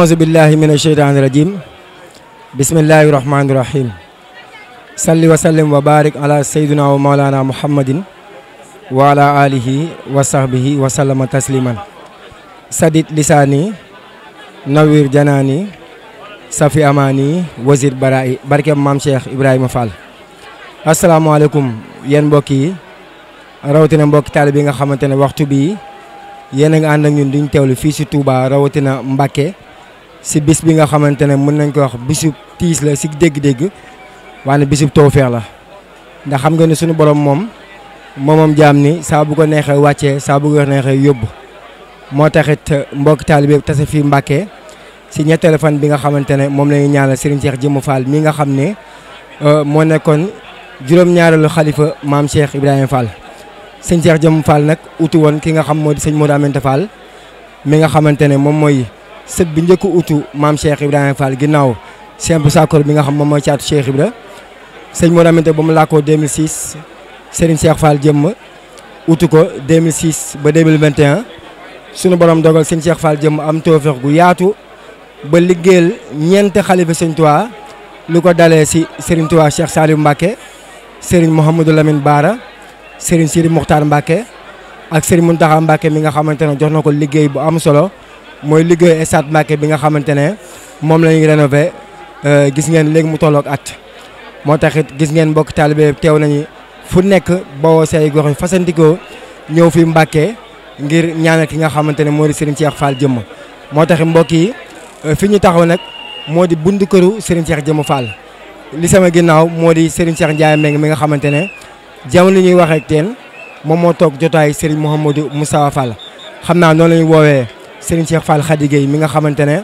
أعوذ بالله من الشيطان الرجيم بسم الله الرحمن الرحيم صل وسلم وبارك على سيدنا ومولانا محمد وعلى آله وصحبه وسلم تسليما سدد لساني نوير جناني safi amaani wasir baraay barkeem maam Cheikh Ibrahima Fall asalaamaaleykum yéen mbokk yi rawatina mbokki taalibe bi nga xamante ne waxtu bii yéen a ngi ànd ak ñun duñ teewlu fii si Touba rawatina Mbacke si bis bi nga xamante ne mën nañ ko wax bisub tiis la si dégg-dégg waane bisub tawfeex la ndax xam nga ne suñu borom moom moomam jaam ni saa bu ko neexee wàccee saa bu ko neexee yóbbu moo taxit mbokk taalibe yëpp tase fii Mbàkke si ñetteelu fan bi nga xamante ne moom la ñuy ñaanal Serigne Cheikh Jëmu Fall mi nga xam ne euh, moo nekkoon juróom maam Cheikh Ibrahima Fall. Sëñ Cheikh Jëmu Fall nag woon ki nga xam moo di sëñ mi nga xamante ne moom mooy. sët bi njëkk utu maam Cheikh Ibrahima ginnaaw Cheikh bu bi nga xam moom mooy caatu Cheikh Ibra sëñ moo amante ba mu làkkoo 2006 Serigne Cheikh Fall jëmm utu ko 2006 ba 2021 sunu borom dogal sëñ Cheikh Fall jëmm am toofeex gu yaatu ba liggéeyal ñeent xalifa sëñ Tuubaa lu ko dalee si Serigne Touba Cheikh Saliou Mbacké Serigne Mouhamadou Lamine Bara Serigne Sidi Moukhtar Mbacké ak Serigne Mountakha Mbacké mi nga xamante ne jox na ko liggéey bu am solo mooy liggéey stade Mbacké bi nga xamante ne moom la ñuy rénover euh, gis ngeen léegi mu tollook at. moo taxit gis ngeen mbokk taalibe teew nañu fu nekk bawoo say gox yi fasantikoo ñëw fi Mbacké ngir ñaanal ki nga xamante ne moo di Serigne Cheikh Fall jëmm moo taxit mbokk yi euh, fi ñu taxaw nag moo di bundu këru Serigne Cheikh jëmm Fall. li sama ginnaaw moo di Serigne Cheikh Ndiaye Meng mi nga xamante ne jamono li ñuy wax teen moom moo toog jotaayu Serigne Mouhamadou Moustapha Fall xam naa noonu la woowee. Serigne Cheikh Fall Khady Gueye mi nga xamante ne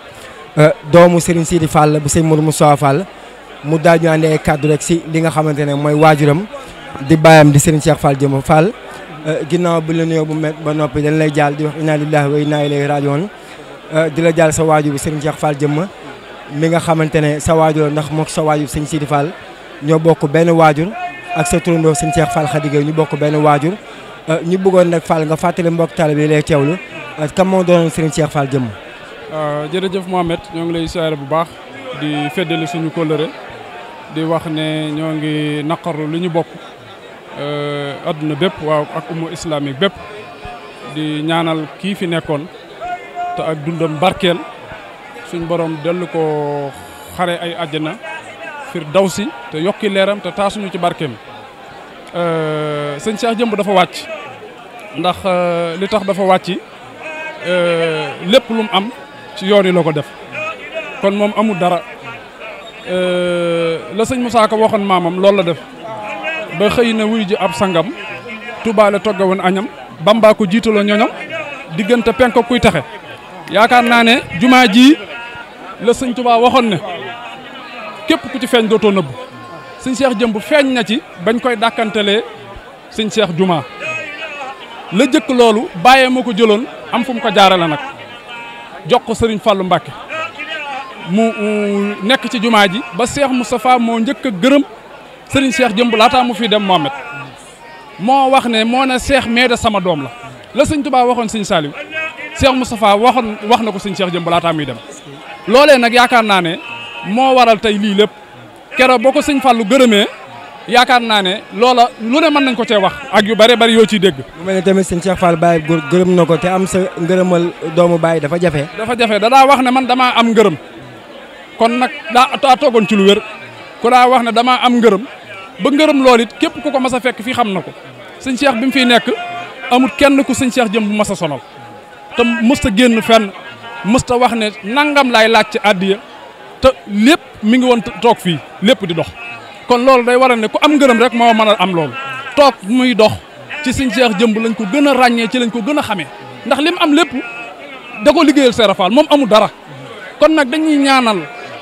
euh, doomu Serigne Sidi Fall bu Serigne Modou mu daal ñu àndee ay kàddu rek si li nga xamante ne mooy waajuram di baayam di Serigne Cheikh Fall jëm Fall. Euh, ginnaaw bi la nuyoo bu met ba noppi dañ lay jaal di wax inna lillahi wa inna ilayhi rajiun euh, di la jaal sa waajur bu Serigne Cheikh Fall jëmm mi nga xamante ne sa waajur ndax moo sa waajur Serigne Sidi Fall ñoo bokk benn waajur ak sa turandoo Serigne Cheikh Fall Khady Gueye ñu bokk benn waajur ñu bëggoon nag Fall nga fàttali mbokk taalibe yi lay teewlu Euh, kan moo doon Serigne Cheikh Fall jëmm. Euh, jërëjëf Mohamed ñoo ngi lay siyaare bu baax di feddali suñu kóllëre di wax ne ñoo ngi naqarlu li ñu bokk àdduna euh, bépp waaw ak umma islamique bépp di ñaanal kii fi nekkoon te ak dundam barkeel suñ borom dellu ko xare ay àjjana fir daw si te yokki leeram te taasuñu ci barkeem sëñ Cheikh jëmb dafa wàcc ndax li tax dafa wàcc Euh, lépp lu am ci yoon yi ko def kon moom amul dara euh, la sëñ Moussa Ka waxoon maamam loolu la def ba xëy na wuy ji ab sangam tubaale togga woon añam bambaa ko jiitaloo ñoñom diggante penko kuy taxe yaakaar naa ne jumaa ji la sëñ tubaa waxoon ne képp ku ci feeñ dootoo nëbb sëñ Seex Jëmb feeñ na ci bañ koy dàkkantelee sëñ Seex Jumaa la loolu bàyyee ma ko jëloon am fu mu ko jaarale nag jox ko sëriñ Fallou Mbacke mu nekk ci jumaa ji ba mu Moustapha moo njëkk a gërëm sëriñ Cheikh jëmb laataa mu fiy dem Mohamed moo wax ne moo ne Cheikh mais de sama doom la la sëñ Touba waxoon sëñ Saliou mu Moustapha waxoon wax na ko sëñ Cheikh jëm laataa muy dem loolee nag yaakaar naa ne moo waral tey lii lépp boo ko sëñ Fallou gërëmee. yaakaar naa ne loola lu ne mën nañ ko cee wax ak yu bare bari yoo ciy dégg. mu mel ne tamit sëñ Cheikh Fall Baye gërëm na ko te am sa ngërëmal doomu Baye dafa jafe. dafa jafe da daa wax ne man damaa am ngërëm kon nag daa toogoon ci ko wér daa wax ne damaa am ngërëm ba ngërëm lool it képp ku ko mas a fekk fii xam na ko sëñ Cheikh bi mu fi nekk amul kenn ku sëñ Cheikh jëm bu mas a sonal te mës a génn fenn mës wax ne nangam laay laaj ci àddiya te lépp mi ngi woon toog fii lépp di dox. kon loolu day waral ne ku am ngërëm rek moo mën a am loolu toog muy dox ci Sëñ Cheikh jëmb lañ ko gën a ràññee ci lañ ko gën a xamee ndax lim am lépp da ko liggéeyal Seera moom amul dara kon nag dañuy ñaanal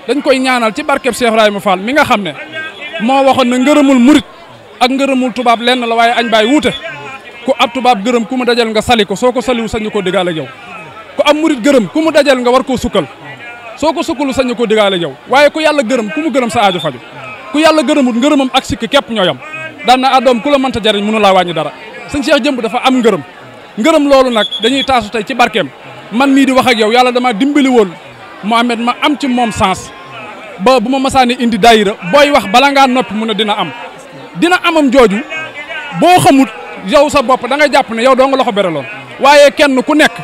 dañ koy ñaanal ci barkeb Cheikh Ibrahima Fall mi nga xam ne moo waxoon ne ngërëmul murit ak ngërëmul tubaab lenn la waaye añ baay wuute ku ab tubaab gërëm ku mu dajal nga sali ko soo ko saliwu sañu koo digaale yow ku am murit gërëm ku mu dajal nga war koo sukkal soo ko sukkalu sañu koo digaale yow waaye ku yàlla gërëm ku mu gërëm sa aajo faju ku yàlla gërëmut ngërëmam ak sikk képp ñooyam daan na adoom ku la mënta jariñ mënu laa wàññi dara sëñ Cheikh jëmb dafa am ngërëm ngërëm loolu nag dañuy taasu tey ci barkeem man mii di wax ak yow yàlla dama dimbali woon Mohamed ma am ci moom sens ba bu ma masaane indi daayira booy wax bala ngaa noppi mu ne dina am dina amam jooju boo xamut yow sa bopp da nga jàpp ne yow doo nga loxo beraloon waaye kenn ku nekk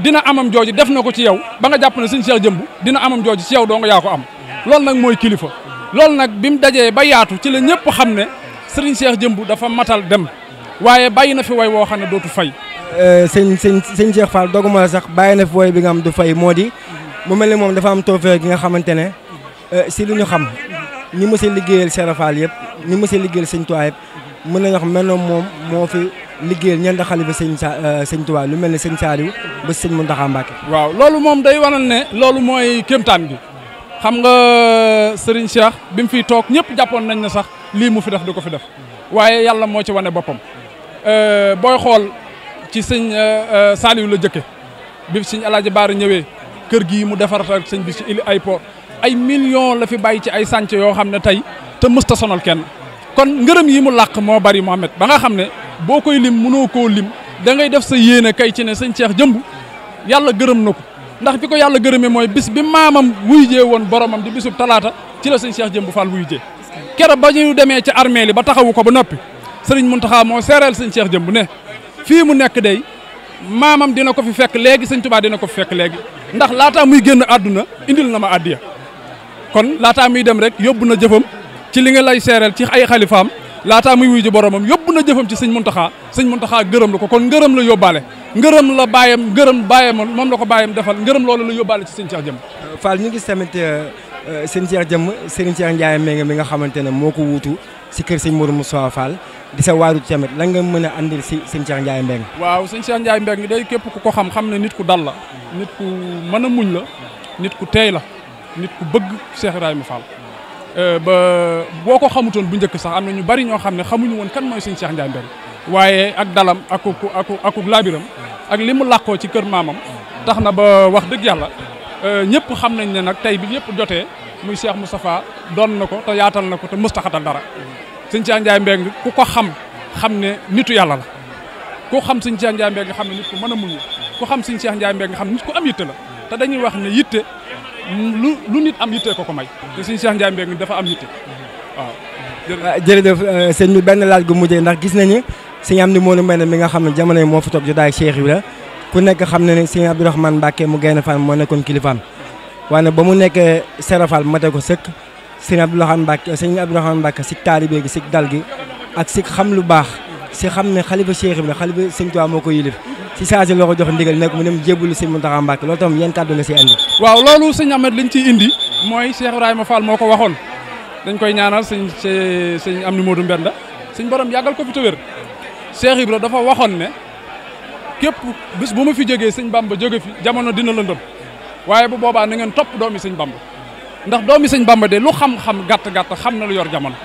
dina amam jooju def na ko ci yow ba nga jàpp ne sëñ Cheikh jëmb dina amam jooju ci yow yaa ko am loolu kilifa loolu nag bi mu dajee ba yaatu ci la ñëpp xam ne sëriñ Cheikh Jëmbu dafa matal dem waaye bàyyi na fi woy woo xam ne dootu fay. Euh, sëñ sëñ sëñ Cheikh Fall doguma la sax bàyyi na fi way bi nga xam du fay moo di mu mel ni moom dafa am toofeer gi nga xamante ne euh, si lu ñu xam ñi mës a liggéeyal Cheikh Fall yëpp ñi mës seen liggéeyal sëñ Tuubaa yëpp mën nañu wax mel na moom moo fi liggéeyal ñeent xalifa sëñ sa euh, sëñ Tuubaa lu mel ni seen sëñ Saaliw ba sëñ Muntaxa Mbàkke. waaw loolu moom day loolu mooy kéemtaan xam nga Serigne Cheikh bi mu fi toog ñëpp jàppoon nañ ne sax lii mu fi def di ko fi def waaye yàlla moo ci wane boppam euh, booy xool ci sëñ euh, euh, Saliou la jëkke bi sëñ Alaaji Baara ñëwee kër gii mu defar sëñ bi ci ili ay po ay millions la fi bàyyi ci ay sànc yoo xam ne tey te mësta sonal kenn kon ngërëm yi mu làq moo bari Mohamed ba nga xam ne boo koy lim mënoo koo lim da ngay def sa yéene kay ci ne sëñ Cheikh jëmb yàlla gërëm na ko ndax fi ko yàlla gërëmee mooy bis bi maamam wuy jee woon boromam di bisub talaata ci la sëñ Cheikh Jëmb Fall wuy jee keroog ba ñu demee ci armée li ba taxawu ko ba noppi sëriñ Muntaxa moo seereel sëñ Cheikh Jëmb ne fii mu nekk dey maamam dina ko fi fekk léegi sëñ Tuubaa dina ko fi fekk léegi ndax laataa muy génn àdduna indil na ma addiya kon laataa muy dem rek yóbbu na jëfam ci li nga lay seereel ci ay xalifaam laataa muy wuy ji boromam yóbbu na jëfam ci sëñ Muntaxa sëñ Muntaxa gërëm la ko kon ngërëm la yóbbaale ngërëm la bàyyam ngërëm bàyyam moom la ko bàyyam defal ngërëm loolu la yóbbaale ci sëñ Cheikh Jëmm euh, faal ñu gis tamit euh, euh, sëñ Cheikh Jëmm sëriñ Cheikh Ndiaye Mbengue mi nga xamante ne moo ko wuutu si kër sëñ Modou Moussa Fall di sa waaru tamit lan nga mën a andil si sëñ Cheikh Ndiaye Mbengue waaw sëñ Cheikh Ndiaye Mbengue day képp ku ko xam xam ne nit ku dal la nit ku mën a muñ la nit ku teey la nit ku bëgg Cheikh Ibrahima Fall Euh, ba boo ko xamutoon bu njëkk sax am na ñu bari ñoo xam ne xamuñu woon kan mooy Serigne Cheikh Ndiaye Mbéthio waaye ak dalam ak ak ak laabiram ak li mu làkkoo ci kër maamam tax na ba wax dëgg yàlla euh, ñëpp xam nañ ne nag tey bi ñëpp jotee muy Cheikh Moustapha doon na ko te yaatal na ko te mustaxatal dara Serigne Cheikh Ndiaye ku ko xam xam ne nitu yàlla la ku xam Serigne Cheikh Ndiaye xam ne nit ku mën a muñ ku xam Serigne Cheikh Ndiaye nga xam ne nit ku am yitte la te dañuy wax ne yitte lu lu nit am yitte ko ko may. te suñu Cheikh Ndiaye Mbengue dafa am yitte waaw. Ah, jërëjëf euh, sëñ bi benn laaj gu mujjee ndax gis nañu siñ am ni moo nu mel ne mi nga xam ne jamono yi moo fi toog jotaay Cheikh Ibra ku nekk xam ne ne sëñ Abdourahmane Mbacke mu gaynde fan moo nekkoon kilifaam waaye ba mu nekk serafal mate ko sëkk sëñ Abdourahmane Mbacke euh, sëñ Abdourahmane Mbacke si taalibe gi si dal gi ak si xam lu baax si xam ne xalifa Cheikh Ibra xalifa sëñ Tuubaa moo ko yilif si saa si loo ko jox ndigal nag mu dem jébbalu sëñ Mountakha Mbacké loolu tam yan kàddu nga si indi waaw loolu sëñ Ahmed liñ ciy indi mooy Cheikh Ibrahima Fall moo ko waxoon dañ koy ñaanal sëñ sëñ am ni moo Modou Mbenda sëñ borom yàggal ko fi tëwér Cheikh Ibra dafa waxoon ne képp bis bu ma fi jógee sëñ Bamba jóge fi jamono dina lëndëm waaye bu boobaa na ngeen topp doomi sëñ Bamba ndax doomi sëñ Bamba de lu xam-xam gàtt-gàtt xam na lu yor jamono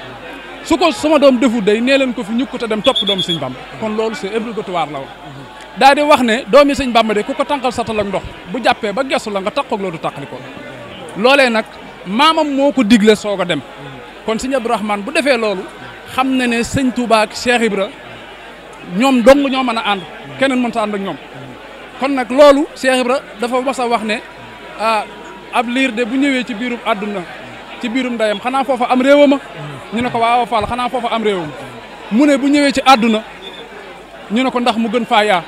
su ko sama doom defu day nee leen ko fi ñukk te dem topp doomi sëñ Bamba kon loolu c'est obligatoire la woon daa di wax ne doomi sëñ Bàmba de ku ko tànqal satal ak ndox bu jàppee ba gesu la nga taqoog loolu tàqali ko loolee maamam moo ko digle soog a dem kon sëñ Abdou Rahmane bu defee loolu xam na ne sëñ Touba ak Cheikh Ibra ñoom dong ñoo mën a ànd keneen mënta ànd ak ñoom kon nag loolu Cheikh Ibra dafa mas wax ne ah ab liir de bu ñëwee ci biirum àdduna ci biirum ndeyam xanaa foofa am réewam ñu ne ko waaw Fall xanaa foofa am réewam mu ne bu ñëwee ci àdduna ñu ne ko ndax mu gën faa yaa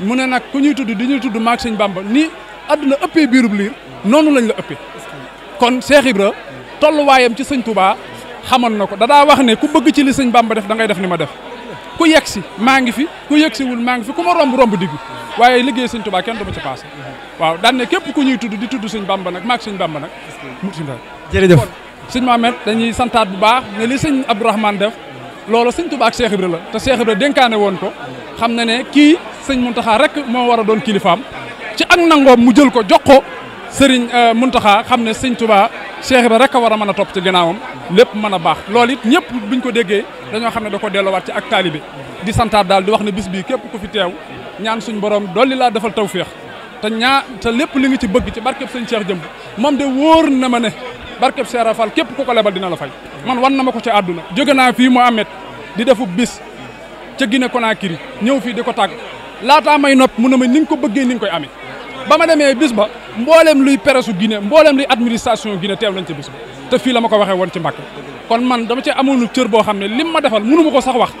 mu ne nag ku ñuy tudd di ñuy tudd maag sëñ Bamba nii àdduna ëppee biirub liir noonu lañ la ëppee kon Cheikh Ibra tolluwaayam ci sëñ Touba xamoon na ko dadaa wax ne ku bëgg ci li sëñ Bamba def da ngay def ni ma def ku yegg si maa ngi fi ku yegg siwul maa ngi fi ku ma romb romb diggu waaye liggéey sëñ Touba kenn du ma ci passé waaw daan ne képp ku ñuy tudd di tudd sëñ Bamba nag maag sëñ Bamba nag mu jërëjëf sëñ ma Mohamed dañuy santaat bu baax ne li sëñ Abdourahmane loolu sëñ Tuubaa ak Cheikh Ibra la te Cheikh Ibra dénkaane woon ko xam na ne kii sëñ Muntaxa rek moo war a doon kilifaam ci ak nangoom mu jël ko jox ko sëriñ euh, Muntaxa xam ne sëñ Tuubaa Cheikh Ibra rek a war a mën a topp ci gannaawam lépp mën a baax loolu it ñëpp buñ ko déggee dañoo xam ne da ko delloowaat ci ak taalibe di santaat daal di wax ne bis bii képp ku fi teew ñaan suñ borom dolli laa defal tawféex te ñaa te lépp li ngi ci bëgg ci barkeb sëñ Cheikh jëmb moom de wóor na ma ne barkeb Cheikh Rafal képp ku ko lebal dina la fay man wan na ma ko ca àdduna jóge naa fii Mohamed di defu bis ca Guinée Conakry ñëw fii di ko tàgg laataa may nopp mu ne ma ni nga ko bëggee ni nga koy amee ba ma demee bis ba mboolem luy peresu Guinée mbooleem luy administration Guinée teew nañ ca bis ba te fii la ma ko waxee woon ci Mbàkke kon man dama ci amoonu cër boo xam ne lim ma defal mënu ma ko sax wax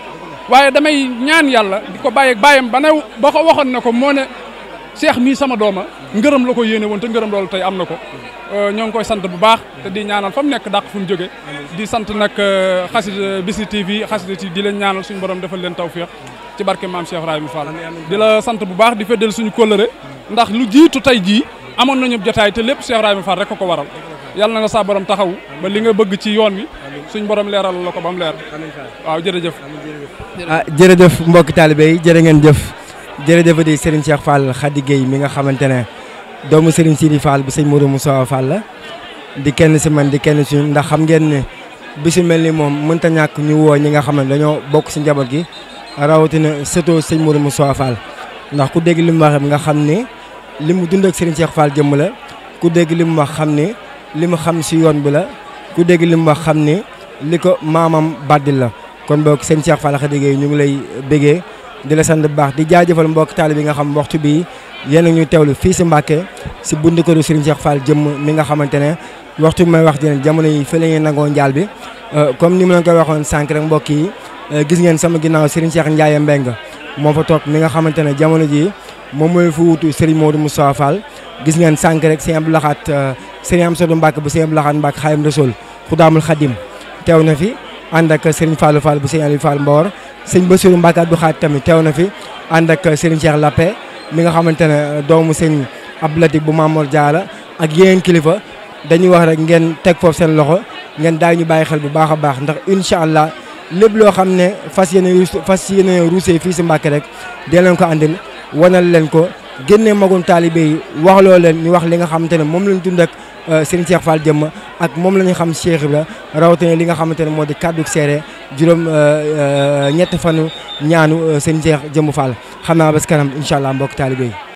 waaye damay ñaan yàlla di ko bàyyi bàyyam ba ne ba ko waxoon ne ko moo ne seex mii sama dooma ngërëm la ko yéene woon te ngërëm loolu tey am na ko euh, ñoo ngi koy sant bu baax te di ñaanal fa mu nekk dàq fu mu jóge di sant nag euh, xasida Bichri TV xasida TV di leen ñaanal suñu borom defal leen tawféex ci barke maam Cheikh Ibrahima Fall di la sant bu baax di feddal suñu kóllëre ndax lu jiitu tey jii amoon nañu jotaay te lépp Cheikh Ibrahima Fall rek ko ko waral yàlla na nga saa borom taxaw ba li nga bëgg ci yoon wi suñ borom leeral la ko ba mu leer waaw jërëjëf ah jërëjëf mbokki taalibe yi jërë ngeen jëf jërëjëf di Serigne Cheikh Fall Khady Gueye mi nga xamante ne doomu Serigne Sidi Fall bi sëñ Modou Moussa Fall la di kenn si man di kenn si ndax xam ngeen ne bisu mel ni moom mënta ñàkk ñu woo ñi nga xam ne dañoo bokk si njaboot gi rawatina sëtoo sëñ Modou Moussa Fall ndax ku dégg li mu wax nga xam ni li mu dund ak Serigne Cheikh Fall jëmm la ku dégg li mu wax xam ni li mu xam si yoon bi la ku dégg li mu wax xam ni li ko maamam bàddil la kon boog sëñ Cheikh Fall Khady ñu ngi lay bégee. di la sant bu baax di jaajëfal mbokk taalibe yi nga xam waxtu bii yéen ñu teewlu fii si Mbàkke si bundu këru Serigne Cheikh jëmm mi nga xamante ne waxtu bi may wax dinañ jamono yi fële ngeen nangoo njaal bi euh, comme ni ma leen koy waxoon sànq rek mbokk yi euh, gis ngeen sama ginnaaw Serigne Cheikh Ndiaye Mbengue moo fa toog mi nga xamante ne jamono jii moom mooy fu wutu Serigne Modou Moustapha Fall gis ngeen sànq rek Serigne Abdou Lahad euh, Serigne Amsatou Mbacke bu Serigne Abdou Lahad Mbacke Xaadimu Rasuul Xudaamul Xadim teew na fi ànd ak Serigne Fallou bu Serigne Aliou Fall sëñ Bassirou Mbacke Abdou Khadre tamit teew na fi ànd ak Serigne Cheikh Lappé mi nga xamante ne doomu sëñ ab Latif bu Mamor Diala ak yeneen kilifa dañuy wax rek ngeen teg foofu seen loxo ngeen daal ñu bàyyi xel bu baax a baax ndax incha allah lépp loo xam ne fas yéene fas yéene ruusee fii si Mbacke rek dee leen ko andil wanal leen ko génnee magoon taalibe yi loo leen ñu wax li nga xamante ne moom lañ dund ak Euh, Serigne Cheikh Fall Jëmm ak moom la ñu xam Cheikh Ibra rawatina li nga xamante ne moo di kàddu seere juróom euh, euh, ñett fanu ñaanu Serigne Cheikh Jëmm Fall xam naa bés kanam incha allah mbokk taalibe yi